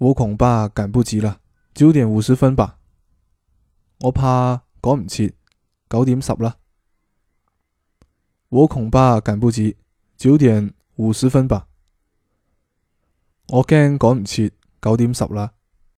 我恐怕趕不及啦，九點五十分吧。我怕趕唔切，九點十啦。我恐怕趕不及，九點五十分吧。我驚趕唔切，九點十啦。